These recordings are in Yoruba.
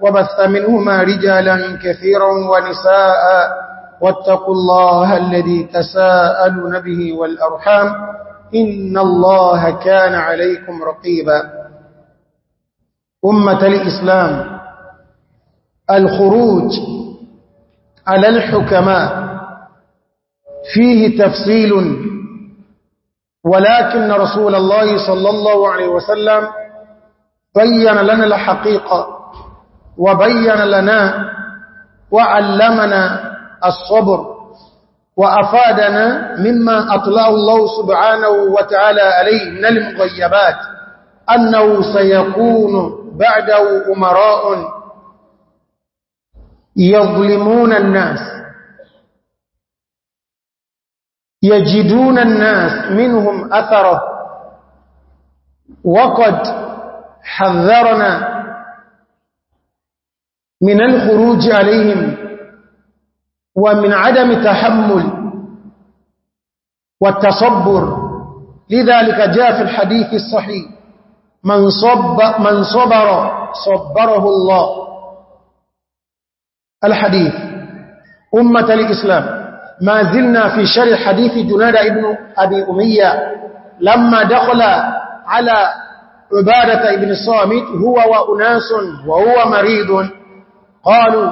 وبث منهما رجالا كثيرا ونساء واتقوا الله الذي تساءلون به والأرحام إن الله كان عليكم رقيبا أمة الإسلام الخروج على الحكماء فيه تفصيل ولكن رسول الله صلى الله عليه وسلم بين لنا الحقيقة وبين لنا وعلمنا الصبر وأفادنا مما أطلع الله سبحانه وتعالى عليه من المغيبات أنه سيكون بعده أمراء يظلمون الناس يجدون الناس منهم أثره وقد حذرنا من الخروج عليهم ومن عدم تحمل والتصبر لذلك جاء في الحديث الصحيح من, صب من صبر صبره الله الحديث أمة الإسلام ما زلنا في شر حديث جناد ابن أبي أمية لما دخل على عبادة ابن الصامت هو وأناس وهو مريض قالوا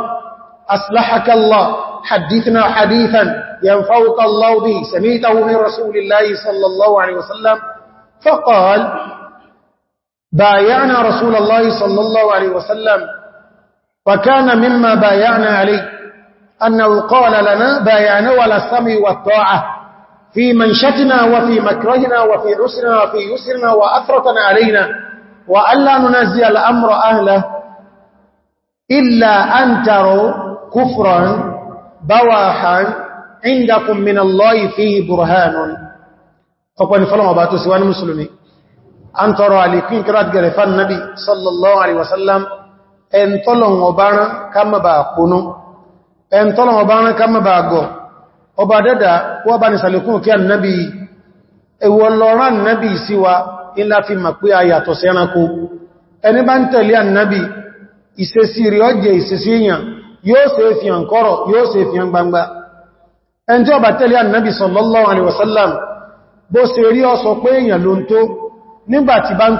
أصلحك الله حدثنا حديثا ينفوك الله به سميته من رسول الله صلى الله عليه وسلم فقال بايعنا رسول الله صلى الله عليه وسلم وكان مما بايعنا عليه أنه قال لنا بايعنا ولا السمع والطاعة في منشتنا وفي مكرهنا وفي عسرنا وفي يسرنا وأثرة علينا وألا ننزي الأمر أهله إلا أن تروا كفرا بواحا عندكم من الله فيه برهان فقال فلما باتوا سواء المسلمين أن تروا عليكم كرات قرفا النبي صلى الله عليه وسلم أن طلعوا وبانا كما باقونوا أن طلعوا وبانا كما باقونوا ọba dẹ́dà wọ́n bá ní sàlékún kí annabi ẹwọ lọ́rán annabi síwa ilá fi mà pé ayàtọ̀ sí ẹranko ẹni bá ń tẹ̀lé annabi ìṣesí rí ọjẹ́ ìṣesí èyàn yóò ṣe fi kọ́rọ̀ yóò ṣe fi gbangba sallallahu alaihi wasallam bó ṣe rí ọ sọ pé èyàn ló ń tó nígbàtí bá ń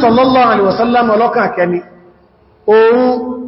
sallallahu alaihi wasallam ọlọ́kàn kẹni òun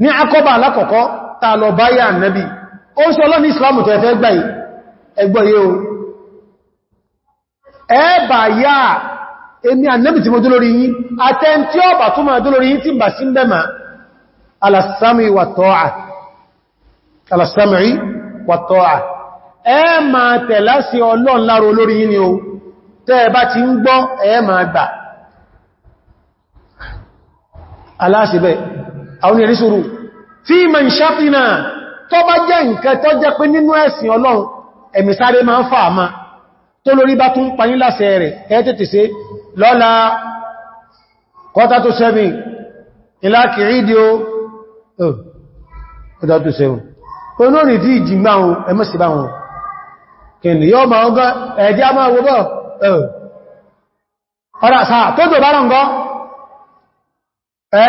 ní akọba alákọ̀ọ́kọ́ ta lọ báyà nẹ́bí ó ń sọ lọ́nà islamu tẹ́ fẹ́ gbáyì ẹgbọ́yé o ẹ̀ẹ́bà yà èmi ànẹ́bì tí mo dúlórí yí àtẹ́ntí ọba tó máa dúlórí yí tí bà sí mẹ́mà alàsàmì wà ẹ ma tẹ̀lá sí ọlọ́n o àwọn ìrí ṣúrù tí mẹ́ ṣáfínà tó bá jẹ́ nǹkan tó jẹ́ pé nínú ẹ̀sìn ọlọ́run ẹ̀mì sáré máa ń fà àmá tó lórí bá tún payín láṣẹ rẹ̀ ẹ́tẹ̀tẹ̀ sí lọ́la kọ́ta tó sẹ́bì ilá kìí di ó ọ̀dá tó ọ̀rọ̀ àṣà tó jò bá rọ̀ gọ́ ẹ́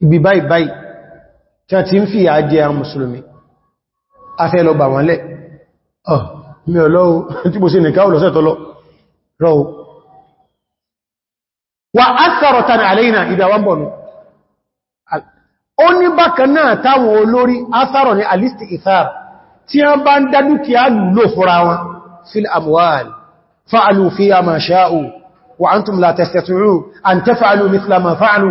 ibi báyìí báyìí tí a ti ń fi àjẹ àwọn mùsùlùmí afẹ́ lọ bà wọ́n lẹ̀ ọ̀ mi ọlọ́wọ́ tí mo sí nìká ò lọ́sẹ̀ tọ́lọ rọ́wọ́ wà á sọ̀rọ̀ tàn àlẹ́yìnà ìdáwọn bọ̀nù ó ní bákan náà táwọn olórí asárọ̀ ní alisti ithar tí a bá ń dá dúkìá lò fúra wọn fil amwal fa'alu fi ma sha'u wa antum la tastati'u an taf'alu mithla ma fa'alu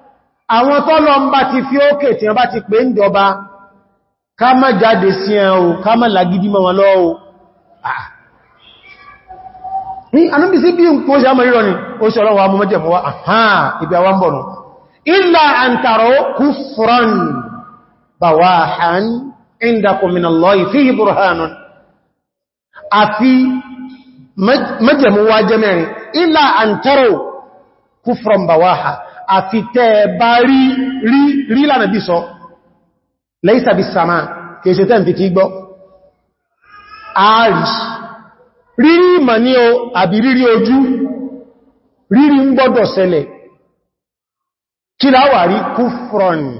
àwọn tọ́lọ ń bá ti fi ókè tí wọ́n bá ti pè ń jọba ká má jáde sí ẹ̀ o ká má làgídí mọ́ wọn lọ́wọ́ ah. ní anúbísí bí n kó ṣàmà ríro ni ó ṣe ọlọ́wọ́ amú mẹ́jẹ̀ mọ́wá àhán ibi àfi tẹ́ bá rí rí rí lànà bí sọ lẹ́ìsà bí sàmà kèèṣẹ́ tẹ́ fi kí gbọ́ ààrìs rírí ìmà ní o àbí rírí ojú rírí ń gbọ́dọ̀ ṣẹlẹ̀ kí láwàrí kúfrọ̀nì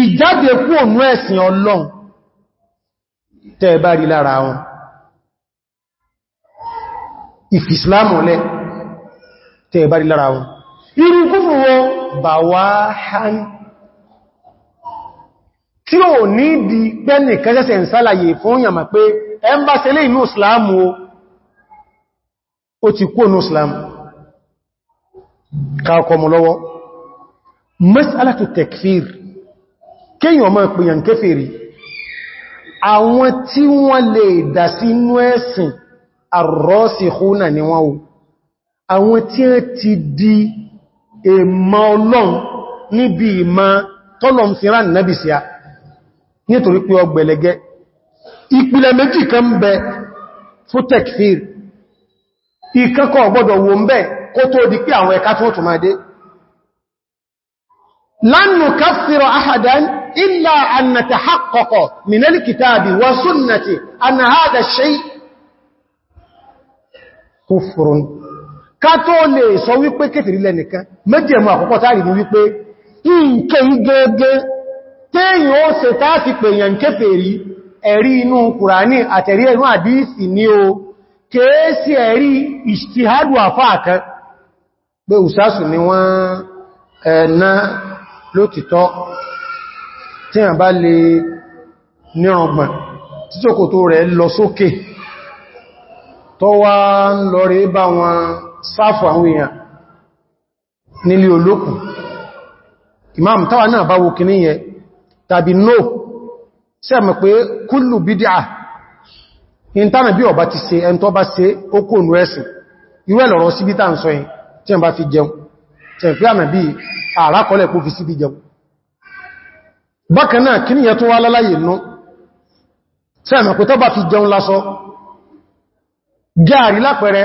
ìjáde kú ònú ẹ̀sìn ọlọ́run tẹ́ bá rí lára wọn ìfìsìlámù tẹ́ bá rí lára wọn irú kúfù wọn bà wá hàn tí ó ní di pẹ́nì kẹsẹsẹ̀ ń sálàyé fún yàmà pé ẹmbásẹ̀lẹ̀ inú islamu ó ti kó inú islamu káàkọmù lọ́wọ́ masalatu tekfir kíyàn ọmọ ìpìyàn kéfèrí àwọn tí wọ́n lè dà sínú ẹ̀sìn àrọ́sì húnà ni wọ́n wo àwọn tí wọ́n ti di E ma níbi ìmọ́ tọ́lọ̀m fi rán nẹ́bì sí a nítorí pé ọgbẹ̀lẹ̀gẹ́ ìpìlẹ̀ méjì kan bẹ fún tekfir ìkẹ́kọ̀ọ́ gbọ́dọ̀ wò ń bẹ kó tó di pé àwọn ẹ̀ka tó tó ahadan illa an natahaqqa min al bi wasu nnate anna hadha ash-shay' ká tó lè sọ wípé kéfèrí lẹ́nìkan méjèmù àkọ́kọ́ táàrí ní wípé ìǹkẹ́ igẹ́gẹ́ téèyàn ó se táàfi pèèyàn kéfèrí ẹ̀rí inú kùránì àtẹ̀rí inú àdíìsì ní o kéèsì ẹ̀rí ìṣtíhádù àfáàkan ni wọ́n ẹ̀nà lótìtọ́ tí a bá lè nírọ̀gbọ̀n títòkòtò rẹ̀ lọ sókè tọ́wàá ń lọ rí bá wọn sáfù àwọn èèyàn nílé olókùn imam táwa náà bá wo kìní yẹ tàbí no sí ẹ̀mọ̀ pé kúlù bídíà ìntánà bí ọba ti ṣe ẹn tó bá ṣe ó kò nú ẹ̀sìn irú ẹ̀lọ̀rọ̀ síbí tàà ń sọ yìí tí ẹn bá fi jẹun tí ẹn pé àmà bí àrákọlẹ̀ kó fi síbí jẹun bákan náà kí níyẹ tó wá láláyè nú sí ẹ̀mọ̀ pé tó bá fi jẹun lásọ gáàrí lápẹẹrẹ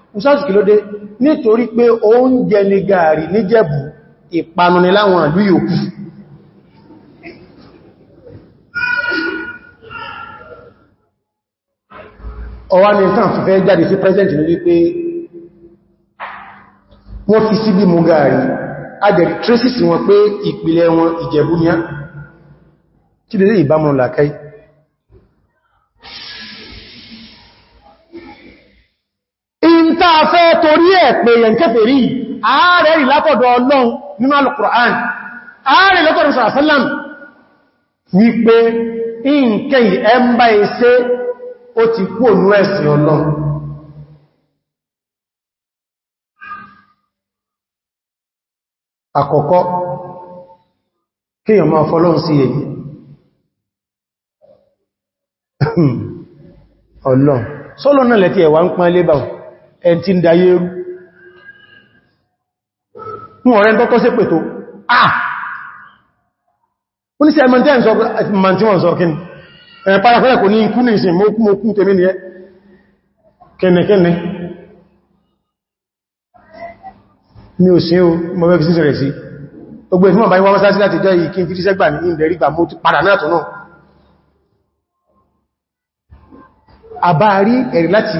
usáàsì kí ló dé nítorí pé oúnjẹ ni gààrí níjẹ̀bù ìpanu ni láwọn ìlú yòókù ọwá ní nǹkan fẹ́fẹ́ jáde sí pẹ́sẹ̀ntì ní wípé wọ́n fi síbí mú gààrí adẹ̀rí tracy wọn pé ìpìlẹ̀ wọn ìjẹ̀bú ní á kí lè rí ìbámu làkáì tá a fẹ́ torí ẹ̀ pé yẹn kèfèrí ààrẹ rí látọ̀dọ̀ Ọlọ́run nínú Al-Qur'an ààrẹ lọ́tọ̀dọ̀ sàásánlám wípé ìǹkẹ́ ẹmbá iṣẹ́ ó ti kú ònú ẹ̀sìn Ọlọ́run àkọ́kọ́ kíyàn máa fọ́lọ́run sí èyí Ọlọ́run sọ́lọ́nà lẹ́tí ẹ̀wà ń pán lébàwọ̀ ẹn tí ń dayé rú mú ọ̀rẹ́ tọ́tọ́ sí pètò ah ó ní sí ẹmọ tí wọ́n sọ kí ni ẹ̀ pàràkọ́rẹ̀ kò ní ikú ní ìsìn mọ́ kú tèmi ni ẹ kẹ́nẹ̀kẹ́nẹ̀ mi ò sí o mọ́ bẹ́ fi sí ogbe fún ọ̀bá ìwọ́n sáàsí láti jẹ́ ìkí fi tíṣẹ́gbà ní ìdẹ̀rígbà mú ti padà náà tó náà àbá rí ẹ̀rí láti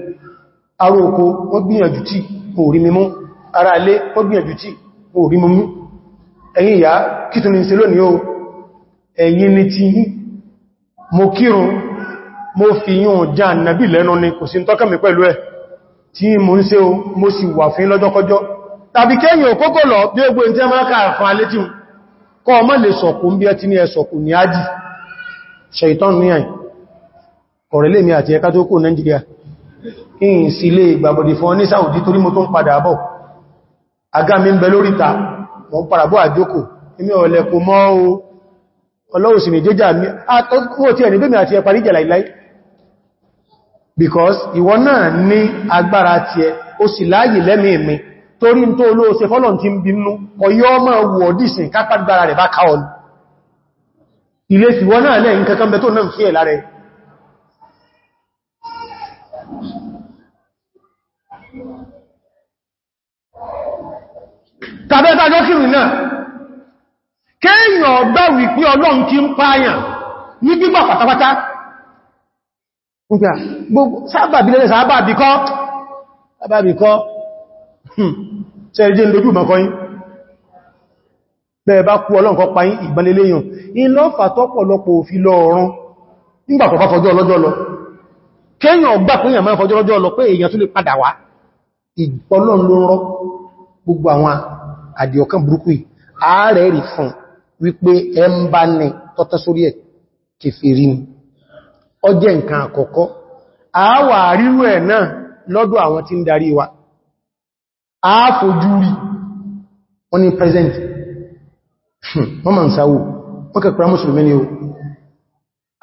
ará oko wọ́n gbìyànjú tí kò rí mímú ara ilé wọ́n gbìyànjú tí kò rí mímú ẹ̀yin ìyá kí tún ní o ẹ̀yin ni ti mo mo fi yún já nàbí lẹ́nu ni kò sí ń tọ́kà mi pẹ̀lú ẹ̀ tí mo ń ṣe o mo sì wà fín lọ́jọ́kọjọ́ tàbí kẹ́yìn òkókò lọ bí ogbó ní tẹ́mọ́ká àfán alétíun kọ́ ọmọ lè sọ̀kún bí ẹ ti ní ẹ ní ájì ṣe ìtọ́nù ní in sí ilé ìgbàbọ̀dì fún ní Saudi torí mo tó ń padà bọ̀ agá mi ń bẹ lórí ta wọ́n padà bọ́ àjókò èmi ọ̀lẹ̀ kò mọ́ o ọlọ́wọ̀sì ní jẹ́jà mi àtọ́kùnwò tí ẹni bẹ́mi àti ẹparí lai láìláì because ìwọ náà ní agbára ti ẹ ó sì láàyè lẹ́mìí mi torí tó olóòsẹ fọ́lọ̀n ti ń bínú ọ̀yọ́ ọmọ wọ̀dìsìn kápàgbára rẹ̀ bá káọlù ilé ìsìwọ́ náà lẹ́yìn kankan bẹ tó náà fi ẹ̀ lára ẹ̀ tàbí ẹgbàjọ́ kìrì náà kéèyàn ọgbà wípé ọlọ́run ti ń pààyàn ní gbígbà pátápátá sábàbí lẹ́lẹ́ sábàbí kọ́ sábàbí kọ́ hmm, ṣẹ́rẹ́jẹ́ lójú mọ́kọ́yìn bẹ́ẹ̀ bá kú ọlọ́run kọ́ pààyìn ìgbàleléyàn ìlọ́fà tọ́pọ̀lọpọ̀ òfin lọ ọ̀run nígbàtọ̀fà fọjọ́ ọlọ́jọ́ lọ kéèyàn ọgbà pé èèyàn máa fọjọ́ ọlọ́jọ́ lọ pé èèyàn tún lè padà wá ìgbọ́lọ́run ló rọ́ gbogbo àwọn àdìọ̀kan burúkú ààrẹ rí fún wípé ẹ ń bá ní tọ́tọ́ sórí ẹ̀ kèfèrí ni ó jẹ́ nǹkan àkọ́kọ́ àáwà rírú ẹ̀ náà lọ́dọ̀ àwọn tí ń darí wa àáfojú wọ́n ni present wọ́n ma ń sáwò wọ́n kẹ́kọ̀ọ́ mùsùlùmí ni o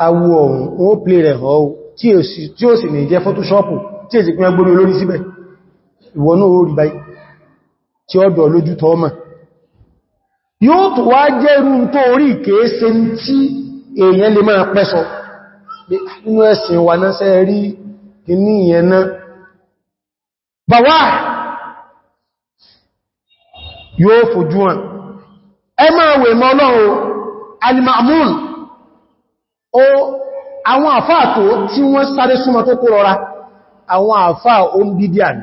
awọ ọ̀hún wọ́n plé rẹ̀ họ́ tí ó sì ní jẹ́ fọ́túṣọ́pù tí èsì pín tí ó dọ̀ lójú tọ́ọ̀mà yóò tó wá jẹ́rú tó orí kèése tí èèyàn lè máa pẹ́sọ ah, nínú ẹ̀sìn wà náà sẹ́ rí inú ìyẹn náà bàwá yóò fojú hàn ẹ máa wè mọ́ ọlọ́run alimamun o àwọn àfáà tó tí wọ́n sáré súnmọ́ tó kó rọra àwọn àfáà ó ń bídíà ni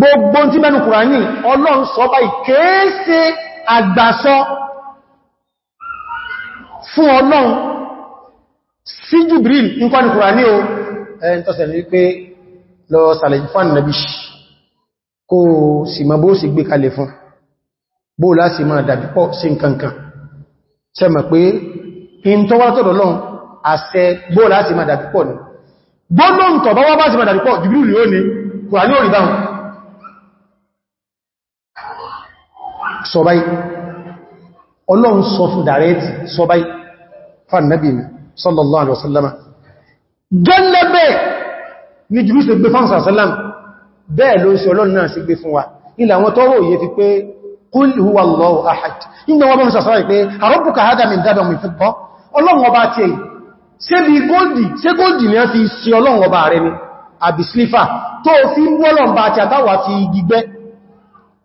gbogbo tí mẹ́nu kùránì ọlọ́run sọ bá ìkéèsè àgbàsọ fún ọlọ́run sí Jibril nǹkan ní kùránì o ẹn tọ́sẹ̀ ní pé lọ sàlẹ̀ fún nàbí kó sì mọ́ bó sì gbé kalẹ̀ fún bó láti máa dàbí pọ̀ sí nǹkankan sẹ́mọ̀ pé in tó wá tọ́dọ̀ lọ́n àṣẹ bó láti máa dàbí pọ̀ ní gbọ́nà ń tọ̀ bá wá bá sì máa dàbí pọ̀ Jibril lè ó kùránì ò rí báhùn sọ̀báyí ọlọ́run sọ fún dàrẹ́tì sọ̀báyí fàánàbí mi sallallahu alaihi wasallama gẹ́lẹ́bẹ̀ ní jùlú sí gbé fáwọn sàásálàm bẹ́ẹ̀ ló ń sí ọlọ́run náà sí gbé fún wa ilẹ̀ àwọn tọ́rọ òye fi pé qul huwa Allahu ahad nígbà wọ́n bọ́n sàásálàm pé àrọ́bùkà hádà min dábà min fẹ́kọ́ ọlọ́run ọba ti èyí ṣe bí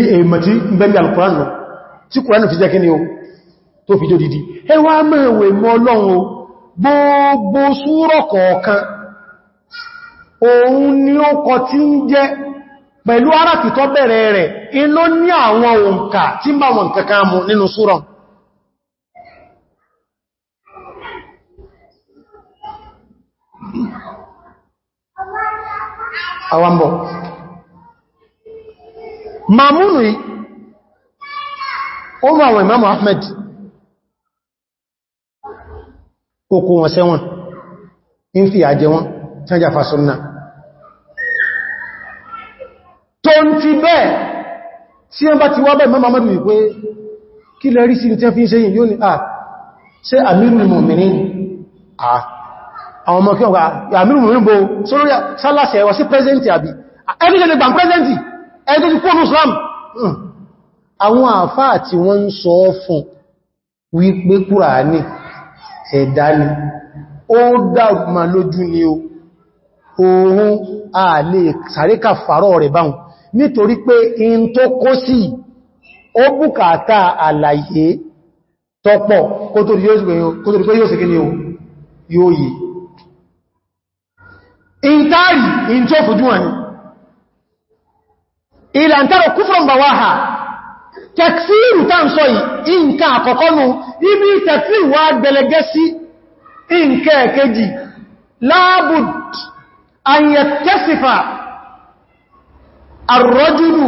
èèmọ̀ tí bẹ́lẹ̀ alkùnrin tí kùránì fi jẹ́ kí ni o tó fi jó dìdí ẹwà mẹ́wẹ̀ mọ́ ọlọ́run gbogbo súrọ̀ kọ̀ọ̀kan òun ni ó kọ tí ń jẹ́ pẹ̀lú ara tìtọ́ bẹ̀rẹ̀ rẹ̀ ní àwọn òǹkà tí bá wọn amụ mú nínú súrọ̀ mamunu yìí ó mọ̀ àwọn imamu ahmed kòkò wọn sẹ́wọ̀n ń fi àjẹ wọn tánjà fasunna tó ń ti bẹ́ẹ̀ tí wọ́n bá ti wá bẹ́ẹ̀ mọ́ mamadu wípé kí lẹ rí sí tí wọ́n fi ń ṣe yìí yóò ní à ṣe amirul mu'minin à àwọn ọmọ kí ẹni tó ti kó ní Islam hmm. àwọn àfá àti wọ́n ń sọ fún wípé Kùránì ẹ̀dá ni ó dáàmà lójú ni o ohun a lè sàríkà fàárọ̀ rẹ̀ báhùn nítorí pé in tó kó sí ó bùkátà àlàyé tọ́pọ̀ kó tó rí pé yóò sì kí o yóò yìí ìntàrí in tó fojú wọn ni ilẹ̀ àntàrà kúfùrùn bá wáhà tẹ̀ksìrù tàn sọ yìí nǹkan àkọ́kọ́ nù ibi tẹ̀ksìrù wá gbẹlẹgẹ́ sí nǹkan ẹ̀kẹ́jì láàbùd àyẹ̀kẹ́sìfà àrọ́júlù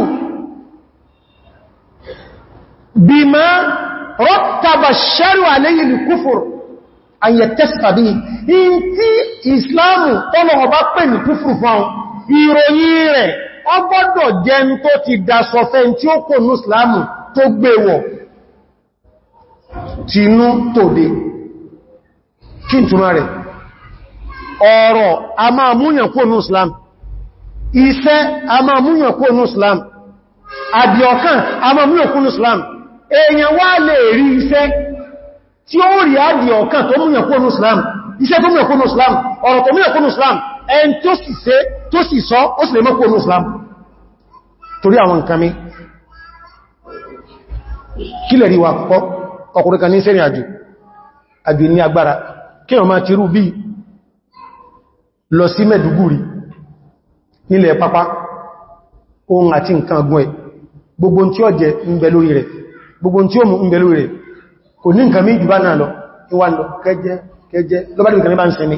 bímá rọ́tàbà ṣẹ́rù àléyìlì kúfùr àyẹ̀kẹ́sìfà bí in tí ìsìláàmù tọ́lọ̀ ọba pè ní kúfùr fún ìròyìn rẹ̀ ọ gbọ́dọ̀ jẹ́ ń tó ti tí ó kò ní ìsìlámù tó gbéwọ̀ tínú tòde kí n túnmà rẹ̀ ọ̀rọ̀ a máa múyàn kò ní iṣẹ́ a máa múyàn kò ní a máa múyàn kò ní èèyàn wá lè rí iṣẹ́ tí ó rí àdìọ̀kàn tó múyàn kò iṣẹ́ ẹn tó sì ṣe tó sì sọ ó sì lè mọ́ kúrò Islam torí àwọn nǹkan mi kí lè rí wa pọ́ ọkùnrin kan ní sẹ́rìn àjò àjò ní agbára kí wọ́n máa ti rú bí lọ sí Mẹ́dùgúrí nílẹ̀ pápá ohun àti nǹkan gún ẹ̀ gbogbo tí ó jẹ ń rẹ̀ gbogbo tí ó mú ń rẹ̀ kò ní nǹkan mí jù bá náà lọ ìwà lọ kẹjẹ kẹjẹ lọ́bàdìbìkan ní bá ń sẹ́ni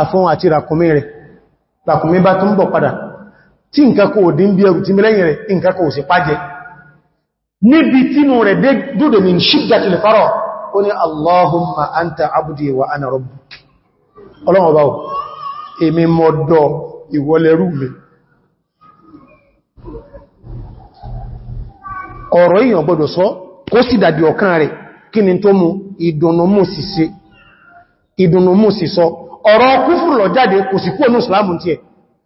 Afọ àti ràkùnmí rẹ̀ ràkùnmí bá tún bọ̀ padà tí nǹkan kò dí ń bí ẹrù tí mílẹ́yìn rẹ̀ nǹkan kò sì pàjẹ́ níbi tínú rẹ̀ dúdò min shiddatil fara ó ní Allahumma anta abdi wa ana rabbuka ọlọ́wọ́ bá ìdùnnú mú sọ ọ̀rọ̀ kúfùrù lọ jáde kò sí kúrò ní ìsìlámù tí ẹ̀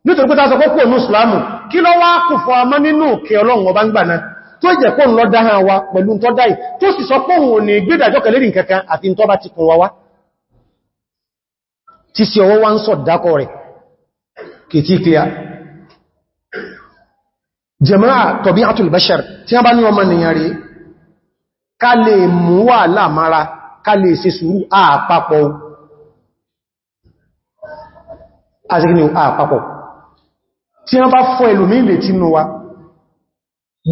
nítorí pé tásọ kúrò ní ìsìlámù kí lọ wá kù ọmọ nínú òkè ọlọ́run ọba ń gbà náà tó jẹ́ kó ń lọ wa pẹ̀lú tọ́ dáì tó sì sọ pé òun ní gbédàjọ́ kẹlẹ́rìn kankan àti tọ́ bá ti kùn wa wá tí sí ọwọ́ wá ń sọ dákọ rẹ̀ kìtì kíá jẹmọ́ra tọ̀bí àtùlbẹ́ṣẹ̀r tí wọ́n bá ní ọmọ nìyàn rí ká lè mú wà láàmára ká lè ṣe sùúrù àpapọ̀ àṣíkí ni àpapọ̀ tí wọ́n bá fọ́ ẹlòmí ilẹ̀ tí nù wa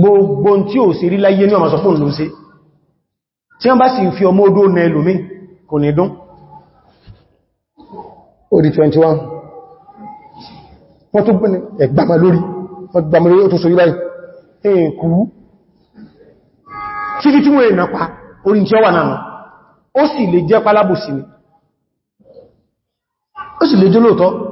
gbogbo tí ó sì rí láyé ní ọmọ sọ fún lóòsí tí wọ́n bá sì fi ọmọ odó na ẹlòmí kò ní dún orí 21 wọ́n tó gbẹ́ni ẹgbàmà lórí wọ́n gbàmà lórí ó tó sorí báyìí ẹ̀kú títí tí wọ́n èèyàn pa orí tí ó wà sì lè jẹ́ pálábòsí ni ó sì lè jẹ́ lóòtọ́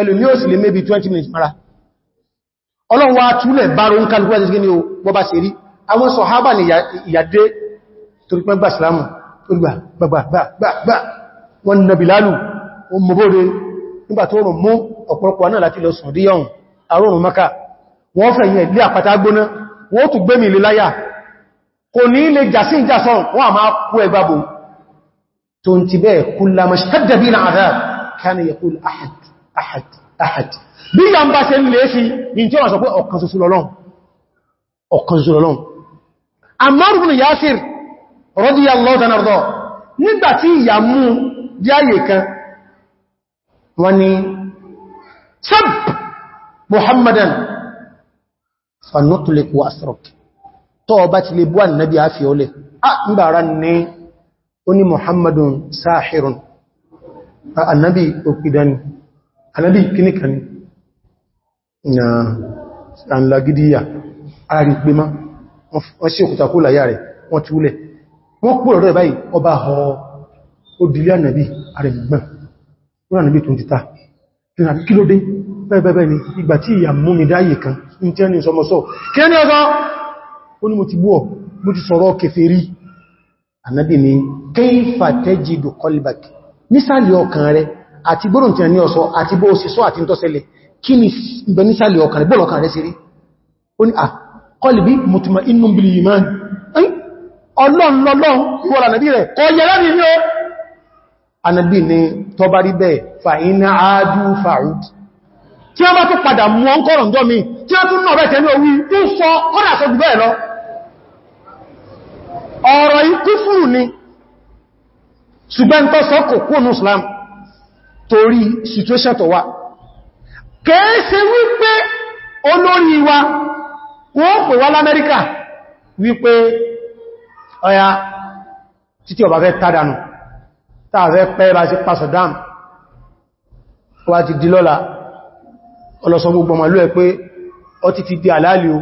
ẹlùmí ó sì lè mébi 20 minutes mara ọlọ́run wá túlẹ̀ báró ń kálùkú ẹ̀sẹ̀ gíní o bọ́bá ṣe rí àwọn sọ̀hábà ní ìyàdé torí pẹ́ gbà sílámù olùgbà gbàgbàgbà wọn nàbì lálù o mọ̀bóre nígbà tó rùn mú ọ̀pọ̀lọpọ̀ náà láti lọ sùn díyàn àrùn maka wọ́n fẹ̀ yẹn ilé àpàtà gbóná wọ́n tún gbé mi ilé ahad ahad bí i ń bá ṣe ń lè sí ní tí wọ́n sọ pé ọ̀kan ṣoṣo lọ́lọ́n ọ̀kan ṣoṣo lọ́lọ́n Ammar ibn Yasir radiyallahu ta'ala anhu nígbàtí ìyàmú díáyè kan wọ́n ni sab Muhammadan fanútulik wa tó ọba ti lè bú annabi a fi ọlẹ̀ a ah, ń bàrá ní oní Muhammadun sáhirun annabi ah, òpìdani anábí kíní kan ní àǹlagídíyà àrí pé má wọ́n sí òkúta kó láyá rẹ̀ wọ́n túlẹ̀ wọ́n pò rẹ̀ báyìí ọba họ odìlé ànàbí àrẹ̀ gbọ́n wọ́n ànàbí tó ń títà kí ló dé bẹ́ẹ̀bẹ́ẹ̀ ni ìgbà tí ìyà mú mi dáyé kan ní tí ẹni sọmọsọ kí ẹni ọgọ́ ó ní mo ti bú ọ mo ti sọ̀rọ̀ kèfèrí ànàbí ni kayfa tajidu qalbak nísàlẹ̀ ọkàn rẹ̀ àti gbóòrùn tí a ní ọ̀sọ̀ àti bó ṣe sọ àti tọ́sẹlẹ̀ kí ni ìbẹ̀ nísàlẹ̀ ọkàn rẹ̀ bọ́ọ̀lọ̀ ọkàn rẹ̀ sí rí ó ní àkọlìbí mutuma inú bìlì ìmáni ọlọ́nlọ́lọ́n ìwọ̀n ànàbí rẹ̀ kọ yẹ láti rí ó ànàbí ni tọ bá rí bẹ́ẹ̀ fàínà áájú fàúd tí a bá tó padà mú ọkọ̀rọ̀ ǹjọ́ mi tí a tún náà bẹ́ẹ̀ tẹ́lú orí tó sọ kọ́dà sọ jù ọ̀rọ̀ ikú fúrù ni ṣùgbọ́n kúrò ní Islam torí situation tó wà kèése wípé olórí wa wọ́n pè wá l'Amẹ́ríkà wípé ọya títí ọba fẹ́ tàdánù tààfẹ́ pẹ́ bá sí pasodam wá ti di lọ́la ọlọ́sọ gbogbo ọmọ ìlú ẹ pé ọ ti ti di àlàálì o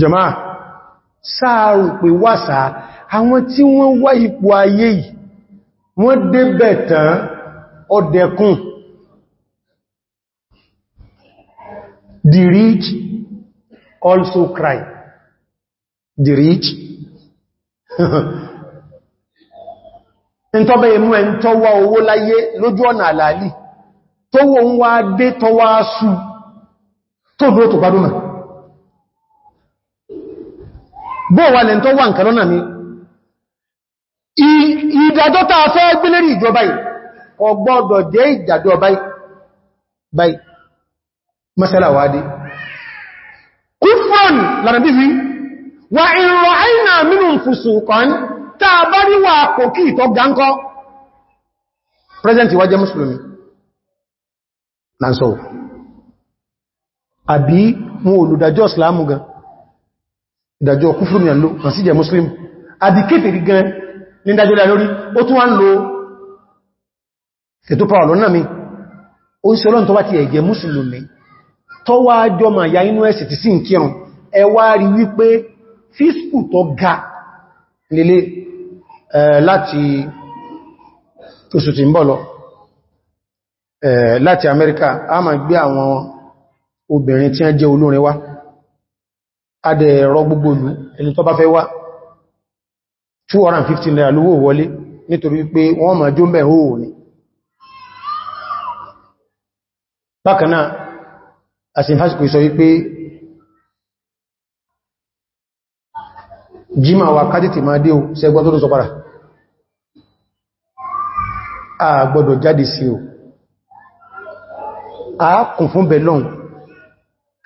jàmáà sáà rò pé wà àwọn tí wọ́n wá ipò ayé yìí wọ́n dé tán ọdẹkùn the rich also cry the rich ìntọ́bẹ̀ ìmú ẹ̀ ń tọ́wọ́ owó láyé lójú ọ̀nà àlàálì tó wọ́n wá dé tọ́wọ́ sú tó dúró tó gbádùn náà wà lẹ́ntọ́wọ́ mi ìdájọ́ tàà fẹ́ gbélérí ìjọba yìí ọgbọ́dọ̀ jẹ́ ìdájọ́ báyìí masalawadé kúfàn lànàbí fi wà ìrọ̀ àìnà mínú fùsùkan tàà bá ríwà kò kí ìtọ́ gánkọ́ president ìwájẹ́ mùsùlùmí na ń sọ àbí mú olùdájọ́ islamu gan ìdájọ́ kúfùrù mìíràn ló kàn sí jẹ́ mùsùlùmí àbí gan ní dájúlẹ̀ lórí ó tún wá ń lo ètò pàwà lọ́nà mi ó ń ṣe ọlọ́run tó bá ti ẹ̀jẹ̀ mùsùlùmí tó wá jọ ma ya inú ẹ̀sì ti sí ń ẹ wá rí wípé fíṣkù tó ga lélé láti oṣù tí ń bọ̀ lọ láti Amẹ́ríkà a máa gbé àwọn obìnrin tí wọ́n jẹ́ olórin wá adẹ̀ẹ̀rọ gbogbo ìlú ẹni tó bá fẹ́ wá 215 naira lówó wọlé nítorí pé wọ́n ma jó mẹ́ hóò ní bákanáà asinfásitì sọ wípé jíma wa kájítì máa dé o sẹ́gbọ́n tó tó sọ padà a gbọ́dọ̀ jáde sí o a kùn fún belong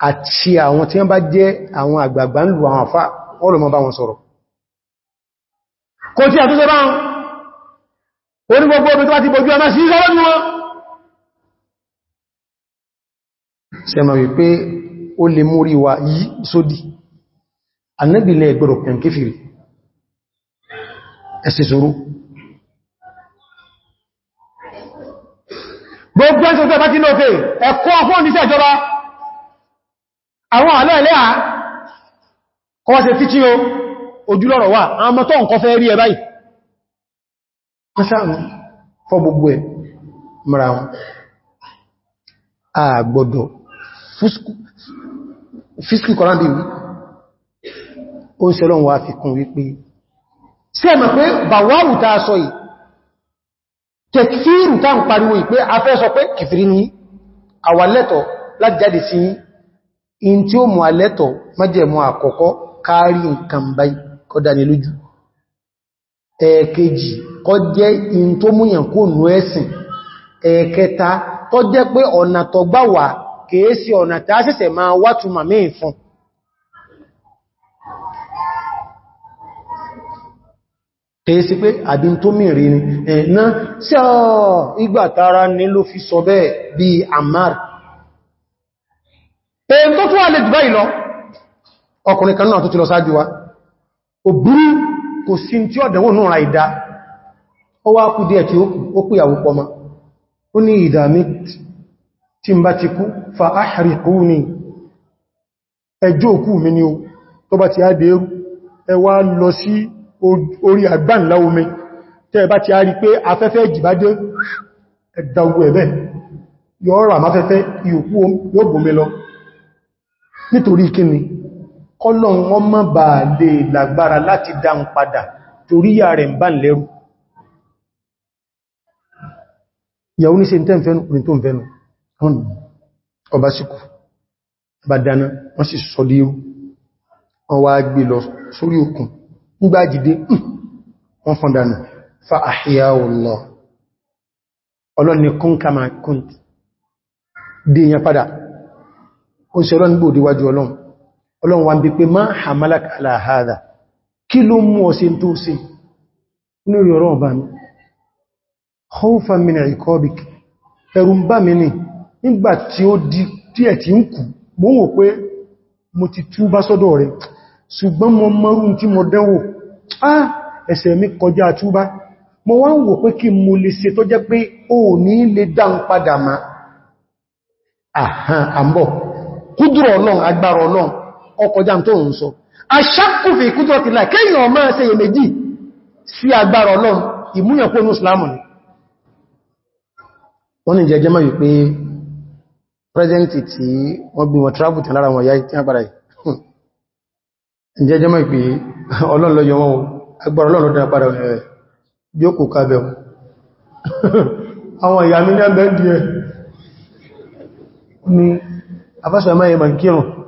àti àwọn tí wọ́n bá jẹ́ àwọn àgbàgbà ń lù àwọn àfá ọlọ́mọ bá wọn sọ̀rọ̀ kò tí àtúnṣe bá wọn orí gbogbo omi tó bá ti bojú ọmọ sí ìṣọ́rọ̀ ní wọn ṣe mọ̀ wípé ó lè múrí wa yí sódì annabilẹ̀ ẹgbẹ̀rọ̀ pẹ̀mkífìrì ẹ̀sẹ̀ sọ́rọ̀ gbogbo ẹ̀sẹ̀ tó bá ti lóòfẹ́ ẹ̀kọ́ fún oníṣẹ́ ìjọba àwọn àlọ́ ẹ̀lẹ́ ojúlọ́rọ̀ wà àmọ́ tó nǹkan fẹ́ rí ẹ báyìí kọsáàrùn fọ́ gbogbo ẹ̀ mara wọn àgbọ̀dọ̀ fíṣkì kọ̀láńdì wí ó ń sẹ́lọ́n wà fìkún wípé sí ẹ̀mọ̀ pé bàwárù ta sọ yìí tẹ̀kìfìrù ta ń pariwo ìpé afẹ́ sọ tí ó mọ̀ alẹ́tọ̀ májẹ̀mọ̀ àkọ́kọ́ kárí nǹkan báyìí kọ́ dá ní lójú ẹ̀ẹ̀kejì kọ́ jẹ́ in tó múyàn kó nú ẹ̀sìn ẹ̀ẹ̀kẹta tọ́ jẹ́ pé ọ̀nà tọ́gbà wà kèése ọ̀nà tí a ṣẹ̀ṣẹ̀ máa wátùmà mẹ́rin fún kèése pé àbí tó mìírí ni ẹ̀nà sí ọ̀ ìgbàtara ní ló fi sọ bẹ́ẹ̀ bí Ammar èyí tó tún wà lè jù báyìí lọ òbúrú kò sí tí ọ̀dẹ̀wò náà ra ìdá ó wá kú díẹ̀ tí ó kú ìyàwó pọmọ ó ní ìdàmí tí ń bá ti kú fa áhàríkú ní ẹjọ́ òkú mi ni o tó bá ti á dé ẹrù ẹ wá lọ sí orí àgbànlá omi tẹ́ bá kọ́lọ̀n wọ́n mọ́ bà lè lágbára láti dá ń padà torí yà rẹ̀ ń bá ń lẹ́rù ìyàwó ní se tẹ́ ìfẹ́nu ní tó ń fẹ́nu wọ́n ọba síkù bá dáná wọ́n sì sọ lérú wọ́n wá gbé lọ sórí òkun nígbà jìdé wọ́n fọ́n dánà fa àhíyàwó ọlọ́ni kún kama kún dèèyàn padà ó ṣe ọlọ́ni gbòdíwájú ọlọ́run wa ń bí pé máa hamalak aláhádà kí ló mú ọsí tó sí inú ìrọ̀rọ̀ ọba mi khawfan min iqabik ẹ̀rù ń bà mí ní nígbà tí ó di díẹ̀ tí ń kù mo wò pé mo ti tú bá sọ́dọ̀ rẹ̀ ṣùgbọ́n mo mọ́rún tí mo dẹ́wò ah mi kọjá túbá mo wá ń wò pé kí mo lè ṣe tó jẹ́ pé o ní lè dá ń padà ma àhàn àmbọ̀ kúdùrọ̀ ọlọ́run agbára ọlọ́run ọkọjá tó ń sọ aṣákùfẹ́ ìkútọ̀tìlá kéyàn ọmọ ẹsẹ̀ yẹmẹ̀dì sí agbára ọlọ́run ìmúyànkó ní islamu ni wọ́n ni jẹjẹ mọ́ wípé pẹ́sẹ̀ntì tí wọ́n bí wọ́n travel tẹ̀ lára wọn yá tí wọ́n padà yìí jẹjẹ mọ́ wípé ọlọ́run lọ́yọ wọn agbára ọlọ́run lọ́dún padà jókòó kábẹ̀ àwọn ìyàmí ni afẹ́sọ̀ ẹ̀mọ́ ìmọ̀ kírùn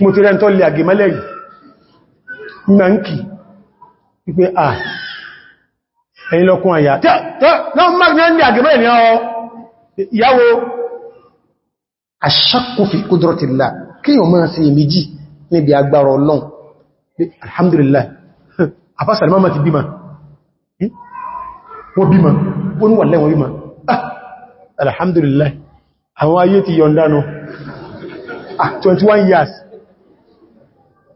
mo ti rẹ̀ tó lè àgèmọ́lẹ̀ yìí na ń kì wípé à ẹ̀yìn lọ́kún àyà tẹ́ náà máa ní ẹni àgèmọ́lẹ̀ ní ọ ìyàwó aṣakúfì kúdọ̀tìlá kí yíò máa ṣe méjì níbi agbára Ọlọ́run alhamdulillah àfá Sàlímà ti bímọ wọ́n bímọ wọ́n wà lẹ́wọ̀n bímọ alhamdulillah àwọn ayé ti yọ̀ndánú 21 years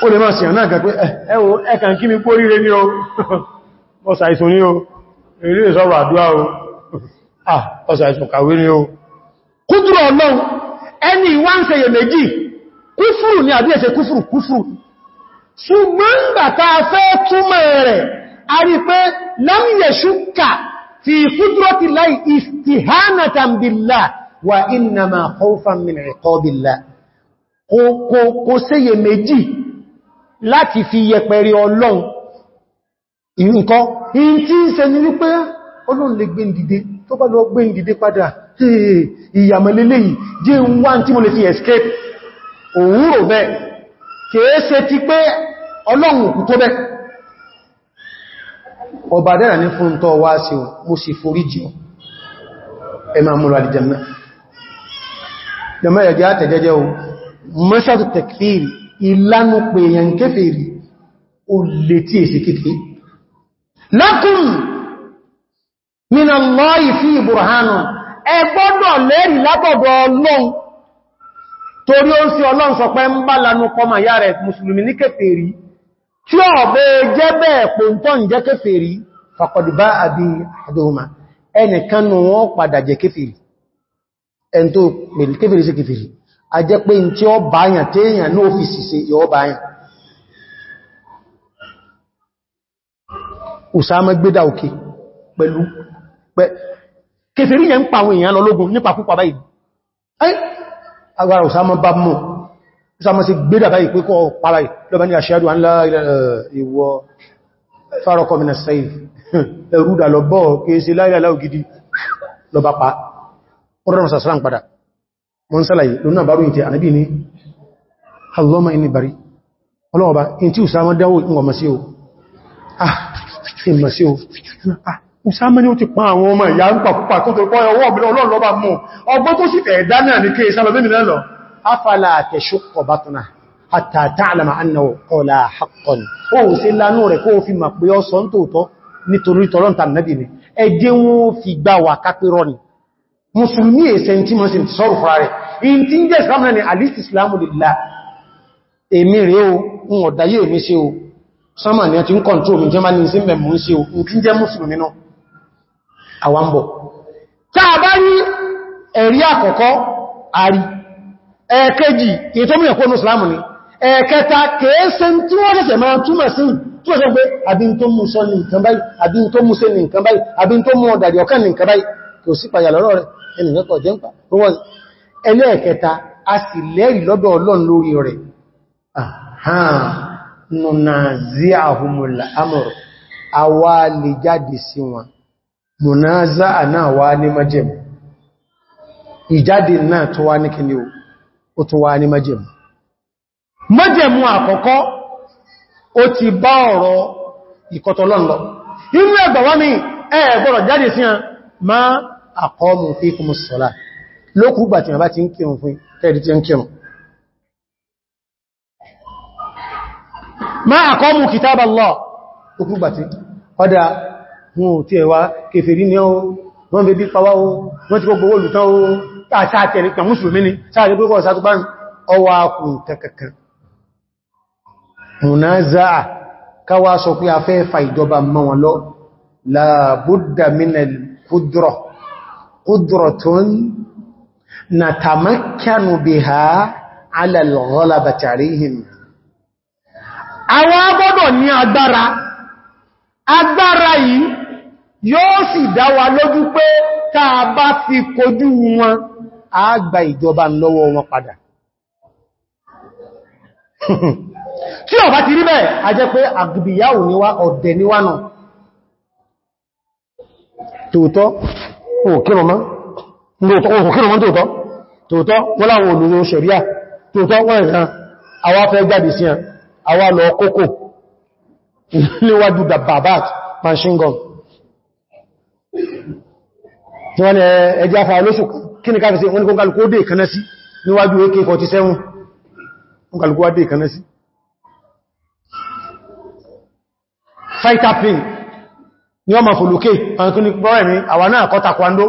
ó lè máa sìyàn náà gà pé ẹwọ eh, ẹkàn kí mi pó ríre ní o ọ̀sà ìsò ní o ilé ìsọ́rọ̀ àdúrà o ọ̀sà ah, ìsò kàwé ní o kúdùrù ọlọ́run ẹni wá ń sẹyẹ méjì kúfùrù ni àbí ẹ̀ṣẹ̀ kúfùrù kúfùrù ṣùgbọ́n bàtà fẹ́ túmọ̀ rẹ̀ a rí pé kò sẹ́yẹ méjì láti fi yẹpẹrẹ ọlọ́run ìrùnkọ́ in tí ń ṣe ní wípé ọlọ́run lè gbé ìdìde tó bá lọ gbé ìdìde padà ìyàmọ̀lélé yìí jẹ́ ń wá tí mo lè fi escape òun rò bẹ́ kìí ṣe ti pé ọlọ́run òkú tó bẹ́ ọba dẹ́rà ní fún tọ́ wá sí mo sì forí jì ọ ẹ máa múra àdìjẹ̀ ilanu pè èyàn ò o lè tí èsì kéfèé lakum minallahi fi burhanu ẹ gbọ́dọ̀ lẹ́rì látọ̀dọ̀ ọlọ́run torí ó sí ọlọ́run ń bá rẹ̀ mùsùlùmí ní kéfèrí tí ọ̀bẹ̀ jẹ́ bẹ́ẹ̀ pòntọ́ ń jẹ́ ẹnìkan nù wọ́n padà a jẹ́ pé in tí ó báyàn téèyàn ní òfìsì sí yọ báyàn Usama gbédà òkè pẹ̀lú kèfèrí yẹn ń pa àwọn èèyàn lọ lógun nípa púpà báyìí ẹ́ agbára Usama bá mú Usama sí gbédà báyìí pé kọ́ pàrà lọ́bá ní ashadu an la ìwọ fárọkọ mina saif ẹrúdà lọ bọ́ wọ́n sálàyé lónà bá ròyìn tí ànábì ní Allahumma inni bari ọlọ́ọ̀bá in tí Usama dáwò ìwọ̀n masí o ah in masí o ah Usama ni ó ti pa àwọn ọmọ ìyá ń pàpùpà kó tó pọ́ ọwọ́ ọ̀bìnrin ọlọ́ọ̀lọ́bà mú ọgbọ́n tó sì fẹ̀ ẹ̀dá náà ní kí ìsálọ bí mìíràn lọ afala tashuqqu batna hatta ta'lama annahu qala haqqan ó musulmi èsẹ̀ tí ma ṣe ti sọ́rọ̀ fara rẹ̀ in tí ń jẹ́ islam náà ni alist islamu lillah èmi rẹ̀ o ń ọ̀dáyé èmi ṣe o sọ́mà ni a ti ń kọ̀ntọ́ omi jẹ́mà ní símẹ̀ mú ṣe o in tí ń jẹ́ musulmi náà àwọn bọ̀ táà bá ní ẹ̀rí àkọ́kọ́ àrí ẹ̀ẹ̀kejì ni ẹ̀ẹ̀kẹta kèése tí wọ́n ṣẹ̀ṣẹ̀ máa túmọ̀ sí tí wọ́n sọ pé àbí tó mú sọ ní nǹkan báyìí àbí tó mú ṣe ní nǹkan báyìí àbí tó mú ọ̀dàdì ọ̀kan ní nǹkan báyìí kò sí payà lọ́rọ̀ rẹ̀ ẹnìyànkọ̀ jẹ́ ń pa ẹlẹ́ẹ̀kẹta a sì lẹ́rì lọ́dọ̀ ọlọ́n lórí rẹ̀ a lè jáde sí wọn náà náà ó tó ti bá ọ̀rọ̀ inú ẹgbà wá ní ẹgbọ́rọ̀ jáde sí máa àkọ́mù fi kùmù sọ́lá lókù gbà tí wọ́n bá ti ń kírun fún tẹ́rì tí ń kírun ma àkọ́mù kìtàbà lọ lókù gbà tí ọdá wọn ò tí ẹwà kèfèrí ní ọ wọ́n bẹ bí pàwá o wọ́n ti gbogbo gbogbo ọ̀sátúgbà ọwà qudratun natamakkanu ha ala al-ghalabati alayhim awon bodo ni agbara agbara yi yo si da wa loju pe ta ba fi koju won agba gba ijoba nlowo won pada ti o ba ti ri be a je pe agbiya o ni wa ode ni òkírùnmọ́ tóòtọ́ tóòtọ́ wọ́n láwọn olùrò ṣẹ̀ríà tóòtọ́ wọ́n ìran àwa fẹ́ jáde sí àwa lọ kókò níwájú dàbàbàt manshingon tí wọ́n ẹjẹ́ afẹ́ olóṣù kí ni ká fẹ́ sí wọ́n ni kọ́nkálùkú dé ìkaná sí níwájú AK-47 kọ́nkálùkú wá dé ìkaná sí fighter plane ní ọmọ fòlùkè ọ̀nkún ní pọ́rẹ̀ mi àwa náà kọ́ takwando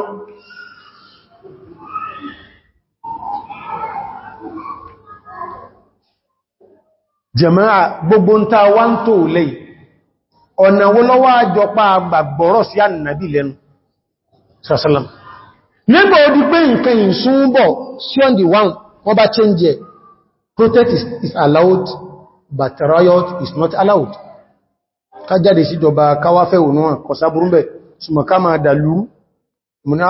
jẹ̀mọ́ra gbogbo ń ta wá ń tó lẹ́ ọ̀nà wo lọ́wọ́ àjọpa àgbàgbọ́rọ̀ sí ànàbí lẹ́nu sàṣálàm nígbà ó pé nǹkan ìsúnbọ̀ sí on the one wọ́n bá change protest is allowed but riot is not allowed ká jáde sí ìjọba káwáfẹ́ òun kọ̀sáburúmbẹ̀ ṣùgbọ́n ká máa dàlú múná